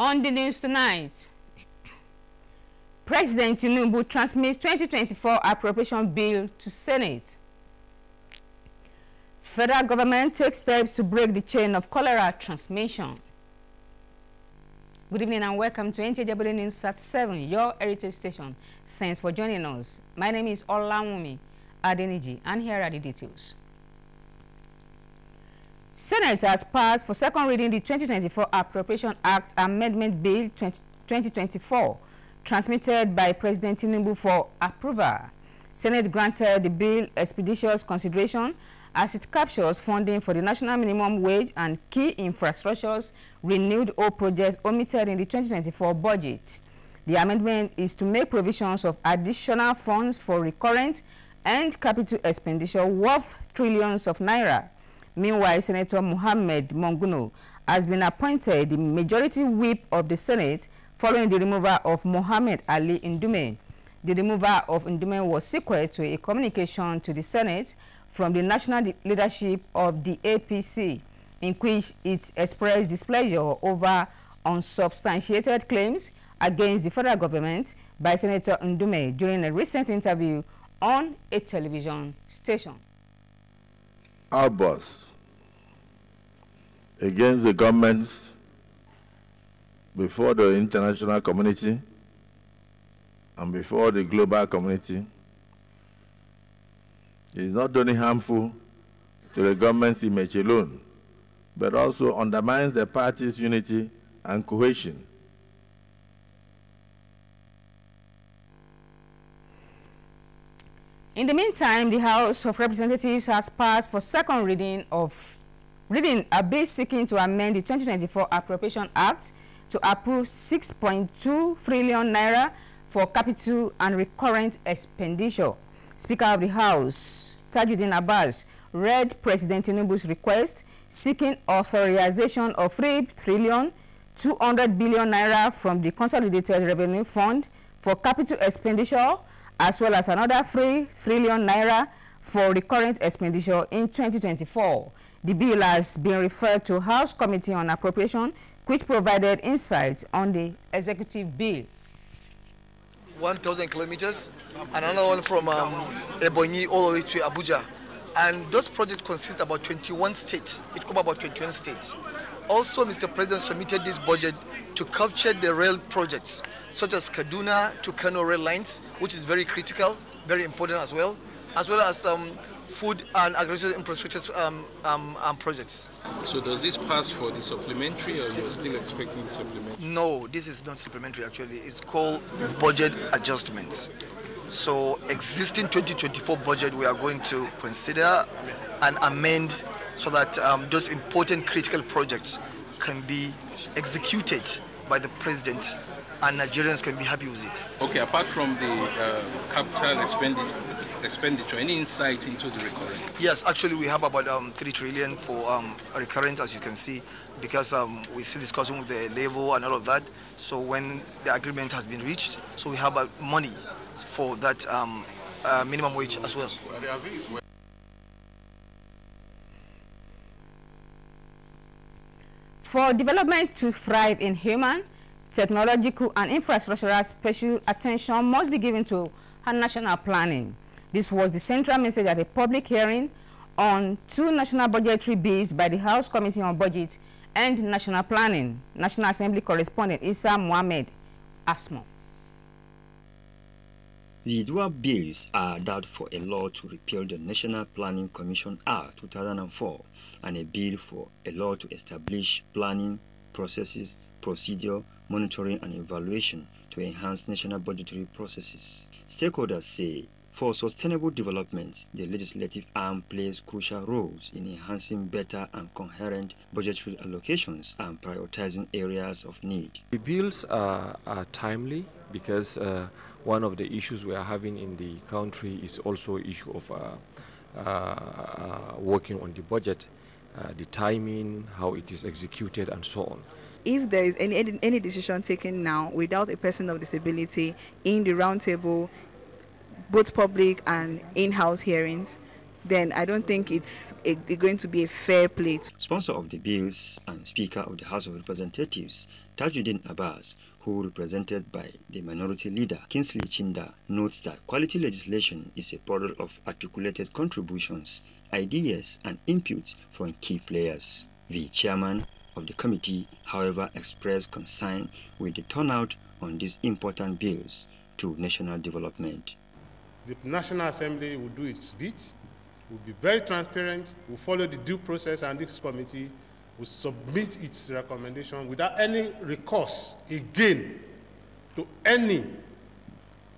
On the news tonight, President Tinubu transmits 2024 appropriation bill to Senate. Federal government takes steps to break the chain of cholera transmission. Good evening and welcome to NTJ News at 7, your heritage station. Thanks for joining us. My name is Olawumi Adeniji and here are the details. Senate has passed for second reading the 2024 Appropriation Act Amendment Bill 20, 2024, transmitted by President Tinubu for approval. Senate granted the bill expeditious consideration as it captures funding for the national minimum wage and key infrastructures renewed or projects omitted in the 2024 budget. The amendment is to make provisions of additional funds for recurrent and capital expenditure worth trillions of naira Meanwhile, Senator Mohammed Monguno has been appointed the majority whip of the Senate following the removal of Mohammed Ali Indume. The removal of Indume was secret to a communication to the Senate from the national leadership of the APC, in which it expressed displeasure over unsubstantiated claims against the federal government by Senator Ndume during a recent interview on a television station. Outburst against the governments before the international community and before the global community is not only harmful to the government's image alone, but also undermines the party's unity and cohesion In the meantime, the House of Representatives has passed for second reading of reading a bill seeking to amend the 2024 Appropriation Act to approve 6.2 trillion naira for capital and recurrent expenditure. Speaker of the House, Tajuddin Abbas, read President Tinubu's request seeking authorization of 3 trillion 200 billion naira from the Consolidated Revenue Fund for capital expenditure as well as another 3 trillion naira for recurrent expenditure in 2024. The bill has been referred to House Committee on Appropriation, which provided insights on the executive bill. 1,000 kilometers, and another one from um, Ebonyi all the way to Abuja. And those projects consist about 21 states. It covers about 21 states. Also, Mr. President submitted this budget to capture the rail projects, such as Kaduna to Kano rail lines, which is very critical, very important as well, as well as um, food and agricultural infrastructure um, um, um, projects. So does this pass for the supplementary or you're still expecting supplementary? No, this is not supplementary actually. It's called budget adjustments. So existing 2024 budget we are going to consider and amend so that um, those important critical projects can be executed by the president and Nigerians can be happy with it. Okay, apart from the uh, capital expenditure, expenditure, any insight into the recurrent? Yes, actually we have about um, 3 trillion for um, recurrent, as you can see, because um, we're still discussing with the level and all of that. So when the agreement has been reached, so we have uh, money for that um, uh, minimum wage as well. For development to thrive in human, technological and infrastructural special attention must be given to her national planning. This was the central message at a public hearing on two national budgetary bills by the House Committee on Budget and National Planning. National Assembly correspondent Issa Mohamed Asmo. The dual bills are that for a law to repeal the National Planning Commission Act 2004 and a bill for a law to establish planning processes, procedure, monitoring and evaluation to enhance national budgetary processes. Stakeholders say for sustainable development, the legislative arm plays crucial roles in enhancing better and coherent budgetary allocations and prioritizing areas of need. The bills are, are timely because uh, one of the issues we are having in the country is also issue of uh, uh, uh, working on the budget, the timing, how it is executed, and so on if there is any, any decision taken now without a person of disability in the roundtable, both public and in-house hearings, then I don't think it's a, going to be a fair play. Sponsor of the bills and Speaker of the House of Representatives, Tajuddin Abbas, who represented by the minority leader Kinsley Chinda, notes that quality legislation is a product of articulated contributions, ideas, and inputs from key players. The chairman of the committee, however, expressed concern with the turnout on these important bills to national development. The National Assembly will do its bit will be very transparent, will follow the due process, and this committee will submit its recommendation without any recourse again to any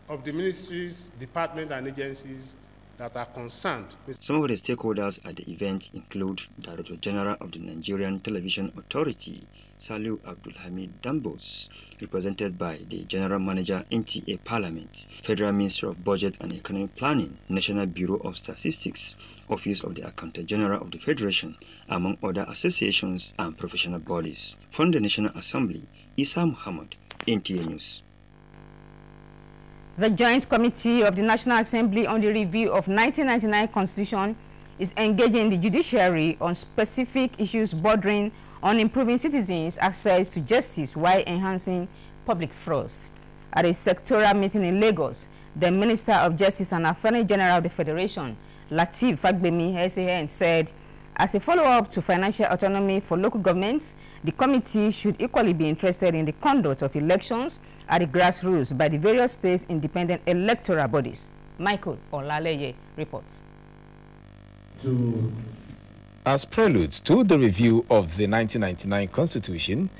of the ministries, departments, and agencies that are concerned. Some of the stakeholders at the event include Director General of the Nigerian Television Authority, Salu Abdulhamid Dambos, represented by the General Manager NTA Parliament, Federal Minister of Budget and Economic Planning, National Bureau of Statistics, Office of the Accountant General of the Federation, among other associations and professional bodies. From the National Assembly, Isa Muhammad, NTA News. The Joint Committee of the National Assembly on the Review of 1999 Constitution is engaging the judiciary on specific issues bordering on improving citizens' access to justice while enhancing public trust. At a sectoral meeting in Lagos, the Minister of Justice and Attorney General of the Federation, Latif Fagbemi SAN, said, as a follow-up to financial autonomy for local governments, the committee should equally be interested in the conduct of elections at the grassroots by the various states independent electoral bodies. Michael Olaleye reports. As preludes to the review of the 1999 Constitution,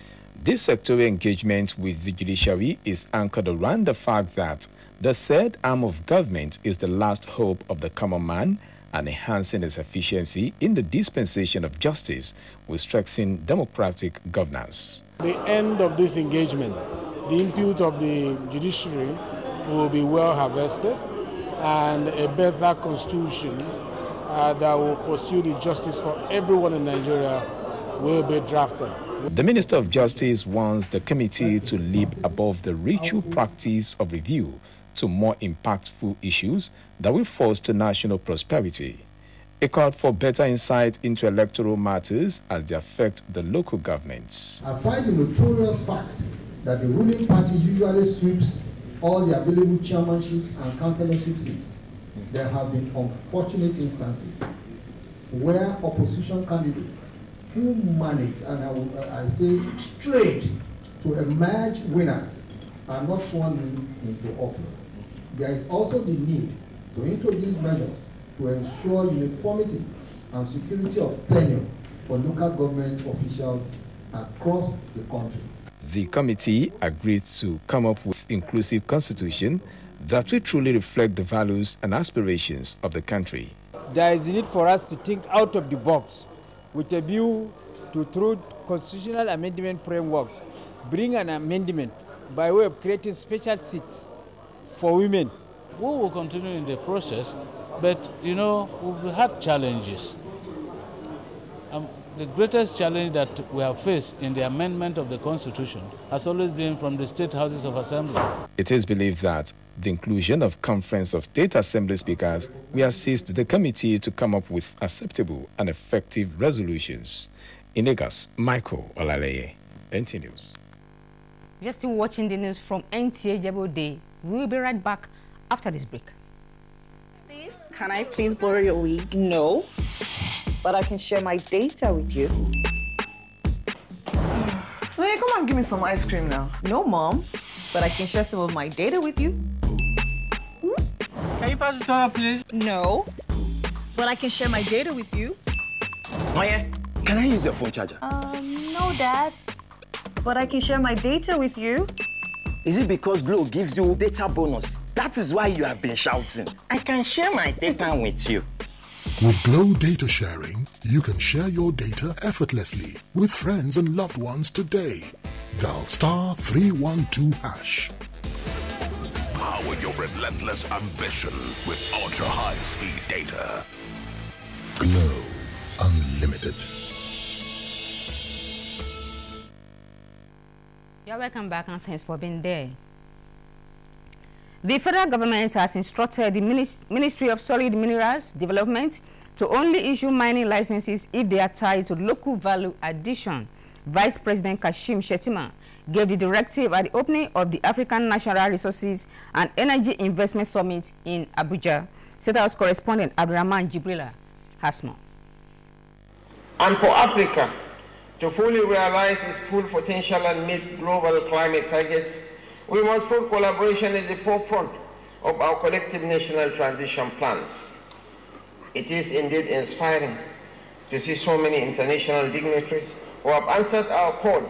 this sectoral engagement with the judiciary is anchored around the fact that the third arm of government is the last hope of the common man and enhancing its efficiency in the dispensation of justice will strengthen democratic governance. The end of this engagement the input of the judiciary will be well harvested and a better constitution uh, that will pursue the justice for everyone in Nigeria will be drafted. The Minister of Justice wants the committee to leap above the ritual practice of review to more impactful issues that will foster national prosperity. A call for better insight into electoral matters as they affect the local governments. Aside the notorious fact that the ruling party usually sweeps all the available chairmanships and councillorship seats. There have been unfortunate instances where opposition candidates who manage, and I, will, uh, I say straight, to emerge winners are not sworn in into office. There is also the need to introduce measures to ensure uniformity and security of tenure for local government officials across the country. The committee agreed to come up with inclusive constitution that will truly reflect the values and aspirations of the country. There is a need for us to think out of the box with a view to through constitutional amendment frameworks, bring an amendment by way of creating special seats for women. We will continue in the process, but you know, we've had challenges. Um, the greatest challenge that we have faced in the amendment of the Constitution has always been from the state houses of assembly. It is believed that the inclusion of Conference of State Assembly speakers will assist the committee to come up with acceptable and effective resolutions. In Lagos, Michael Olaleye, NT News. You're still watching the news from NTA Jebo Day. We'll be right back after this break. can I please borrow your wig? No but I can share my data with you. Hey, come on, give me some ice cream now. No, Mom, but I can share some of my data with you. Can you pass the toilet, please? No, but I can share my data with you. Oh, yeah? Can I use your phone charger? Um, no, Dad, but I can share my data with you. Is it because Glow gives you data bonus? That is why you have been shouting. I can share my data with you. With Glow Data Sharing, you can share your data effortlessly with friends and loved ones today. Dial star 312 hash. Power your relentless ambition with ultra high speed data. Glow Unlimited. You're welcome back and thanks for being there. The federal government has instructed the Ministry of Solid Minerals Development to only issue mining licenses if they are tied to local value addition. Vice President Kashim Shetima gave the directive at the opening of the African National Resources and Energy Investment Summit in Abuja. State correspondent Abdurrahman Jibrila has more. And for Africa to fully realize its full potential and meet global climate targets, we must put collaboration at the forefront of our collective national transition plans. It is indeed inspiring to see so many international dignitaries who have answered our call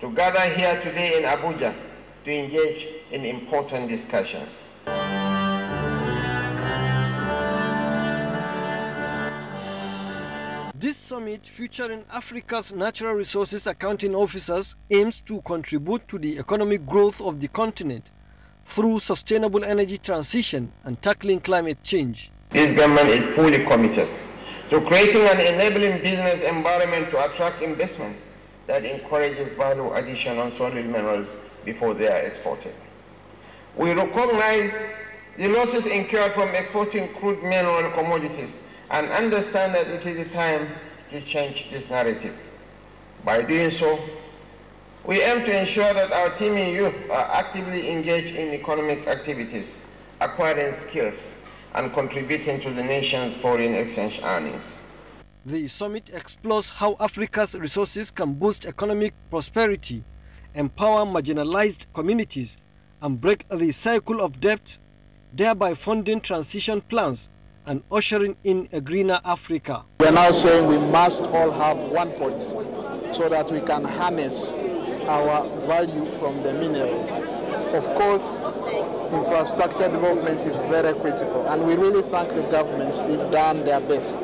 to gather here today in Abuja to engage in important discussions. This summit, featuring Africa's natural resources accounting officers, aims to contribute to the economic growth of the continent through sustainable energy transition and tackling climate change. This government is fully committed to creating an enabling business environment to attract investment that encourages value addition on solid minerals before they are exported. We recognize the losses incurred from exporting crude mineral commodities and understand that it is the time to change this narrative. By doing so, we aim to ensure that our teeming youth are actively engaged in economic activities, acquiring skills, and contributing to the nation's foreign exchange earnings. The summit explores how Africa's resources can boost economic prosperity, empower marginalized communities, and break the cycle of debt, thereby funding transition plans and ushering in a greener Africa. We are now saying we must all have one policy so that we can harness our value from the minerals. Of course, infrastructure development is very critical, and we really thank the governments. They've done their best.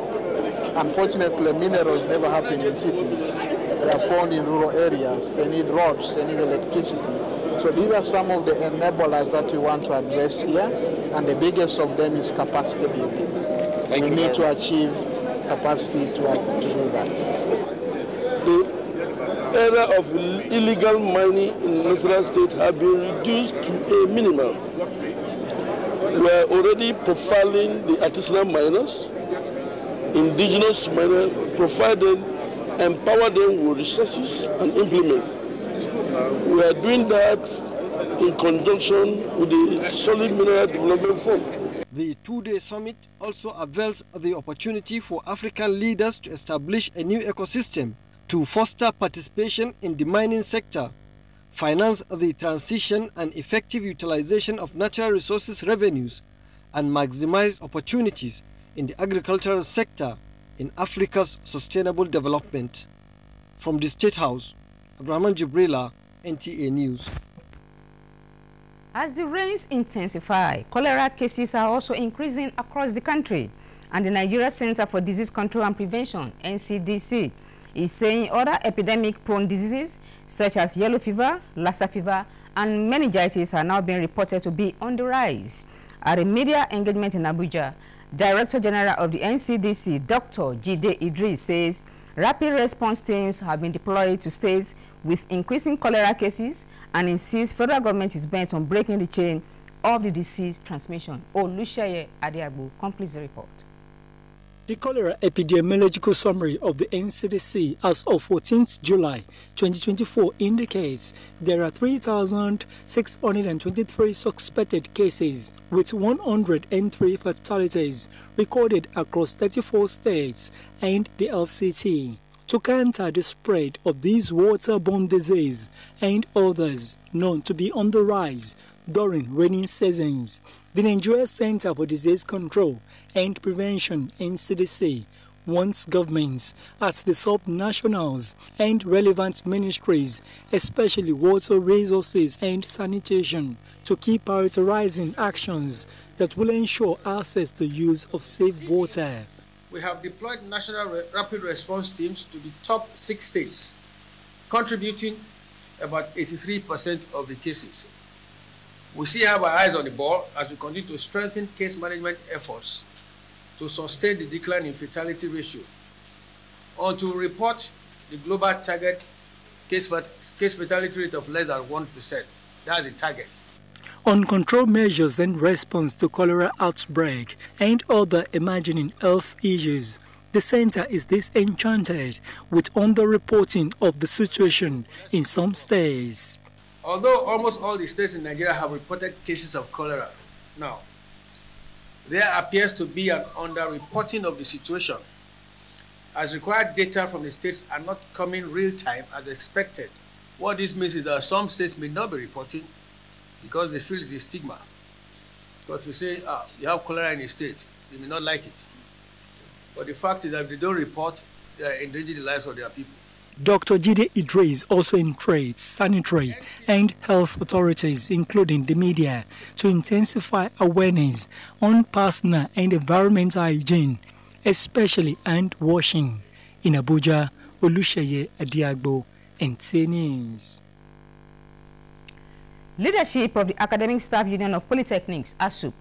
Unfortunately, minerals never happen in cities. They are found in rural areas. They need roads. They need electricity. So these are some of the enablers that we want to address here, and the biggest of them is capacity building. Thank we need to achieve capacity to, to do that. The era of illegal mining in Nasarawa State has been reduced to a minimum. We are already profiling the artisanal miners, indigenous miners, provide them, empower them with resources and implement. We are doing that in conjunction with the Solid Mineral Development Fund. The two-day summit also avails the opportunity for African leaders to establish a new ecosystem to foster participation in the mining sector, finance the transition and effective utilization of natural resources revenues, and maximize opportunities in the agricultural sector in Africa's sustainable development. From the State House, Abraham Jibrila, NTA News. As the rains intensify, cholera cases are also increasing across the country, and the Nigeria Center for Disease Control and Prevention, NCDC, is saying other epidemic-prone diseases such as yellow fever, Lassa fever, and meningitis are now being reported to be on the rise. At a media engagement in Abuja, Director General of the NCDC, Dr. Jide Idris, says rapid response teams have been deployed to states with increasing cholera cases and insists federal government is bent on breaking the chain of the disease transmission. Olusheye Adiagbo completes the report. The cholera epidemiological summary of the NCDC as of 14th July 2024 indicates there are 3,623 suspected cases with 103 fatalities recorded across 34 states and the FCT to counter the spread of these waterborne diseases and others known to be on the rise during rainy seasons. The Nigeria Center for Disease Control and Prevention NCDC wants governments at the sub-nationals and relevant ministries, especially water resources and sanitation, to keep prioritizing actions that will ensure access to use of safe water we have deployed national re rapid response teams to the top six states, contributing about 83% of the cases. We still have our eyes on the ball as we continue to strengthen case management efforts to sustain the decline in fatality ratio and to report the global target case, case fatality rate of less than 1%. That's the target on control measures and response to cholera outbreak and other emerging health issues. The center is disenchanted with under-reporting of the situation in some states. Although almost all the states in Nigeria have reported cases of cholera now, there appears to be an under-reporting of the situation as required data from the states are not coming real time as expected. What this means is that some states may not be reporting because they feel the stigma. Because you say, ah, you have cholera in the state, they may not like it. But the fact is that if they don't report, they are endangering the lives of their people. Dr. Jide Idris also entreats sanitary and health authorities, including the media, to intensify awareness on personal and environmental hygiene, especially hand washing. In Abuja, Olusheye Adiagbo, and News. Leadership of the Academic Staff Union of Polytechnics, ASUP,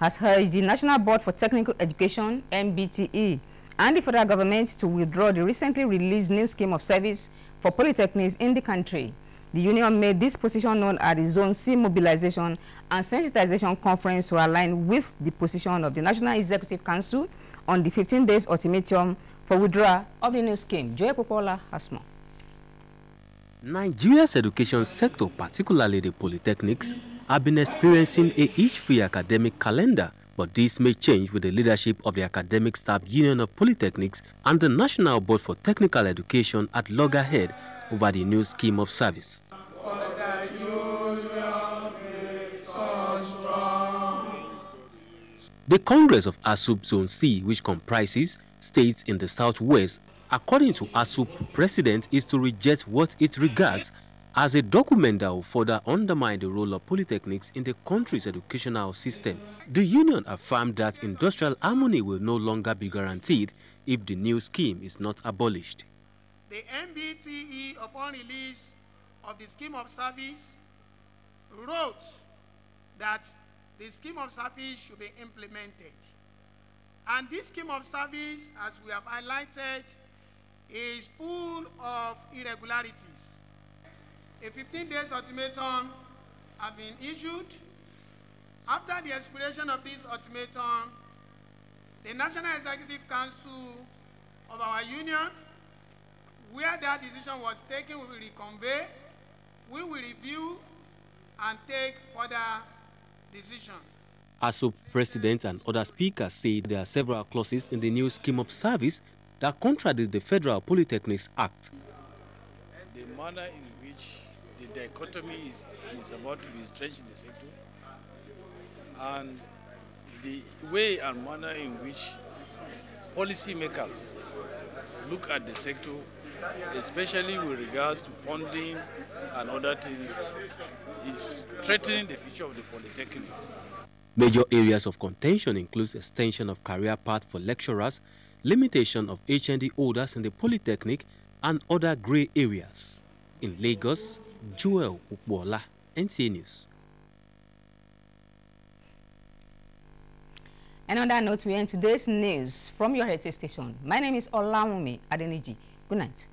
has urged the National Board for Technical Education, MBTE, and the federal government to withdraw the recently released new scheme of service for polytechnics in the country. The union made this position known at the Zone C Mobilization and Sensitization Conference to align with the position of the National Executive Council on the 15 days ultimatum for withdrawal of the new scheme. Joy Popola has more. Nigeria's education sector, particularly the polytechnics, have been experiencing a age-free academic calendar, but this may change with the leadership of the Academic Staff Union of Polytechnics and the National Board for Technical Education at loggerhead over the new scheme of service. The Congress of ASUB Zone C, which comprises states in the southwest according to ASUP, president is to reject what it regards as a document that will further undermine the role of polytechnics in the country's educational system. The union affirmed that industrial harmony will no longer be guaranteed if the new scheme is not abolished. The MBTE, upon release of the scheme of service, wrote that the scheme of service should be implemented. And this scheme of service, as we have highlighted, is full of irregularities. A 15 days ultimatum has been issued. After the expiration of this ultimatum, the National Executive Council of our union, where that decision was taken, we will reconvey, we will review and take further decision. ASUP President and other speakers say there are several clauses in the new scheme of service that contradicts the Federal Polytechnics Act. The manner in which the dichotomy is, is about to be stretched in the sector and the way and manner in which policymakers look at the sector, especially with regards to funding and other things, is threatening the future of the polytechnic. Major areas of contention includes extension of career path for lecturers limitation of HND orders in the Polytechnic and other grey areas. In Lagos, Joel Ukbola, NTA News. And on that note, we end today's news from your radio station. My name is Olawumi Adeniji. Good night.